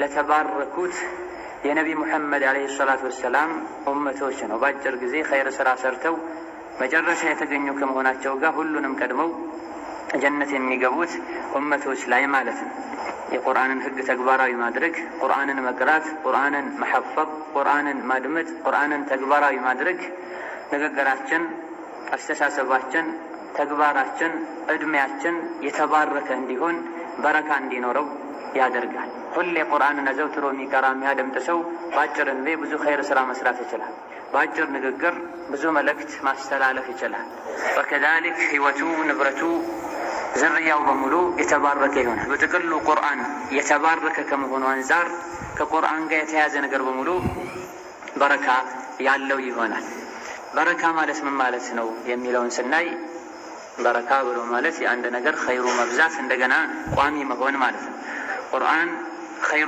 ለተባረኩት የነቢ ሙሐመድ ዓለይሂ ሰላቱ ወሰላም ኡመቶች ነው። በአጭር ጊዜ ኸይር ስራ ሰርተው መጨረሻ የተገኙ ከመሆናቸው ጋር ሁሉንም ቀድመው ጀነት የሚገቡት ኡመቶች ላይ ማለት ነው። የቁርአንን ህግ ተግባራዊ ማድረግ፣ ቁርአንን መቅራት፣ ቁርአንን መሐፈብ፣ ቁርአንን ማድመጥ፣ ቁርአንን ተግባራዊ ማድረግ ንግግራችን፣ አስተሳሰባችን፣ ተግባራችን፣ ዕድሜያችን የተባረከ እንዲሆን በረካ እንዲኖረው ያደርጋል። ሁሌ ቁርአንን አዘውትሮ የሚቀራ የሚያደምጥ ሰው በአጭር እንቤ ብዙ ኸይር ስራ መስራት ይችላል። በአጭር ንግግር ብዙ መልእክት ማስተላለፍ ይችላል። ወከዛሊክ ህይወቱ፣ ንብረቱ፣ ዝርያው በሙሉ የተባረከ ይሆናል። በጥቅሉ ቁርአን የተባረከ ከመሆኑ አንጻር ከቁርአን ጋር የተያዘ ነገር በሙሉ በረካ ያለው ይሆናል። በረካ ማለት ምን ማለት ነው የሚለውን ስናይ በረካ ብሎ ማለት የአንድ ነገር ኸይሩ መብዛት እንደገና ቋሚ መሆን ማለት ነው። القرآن خير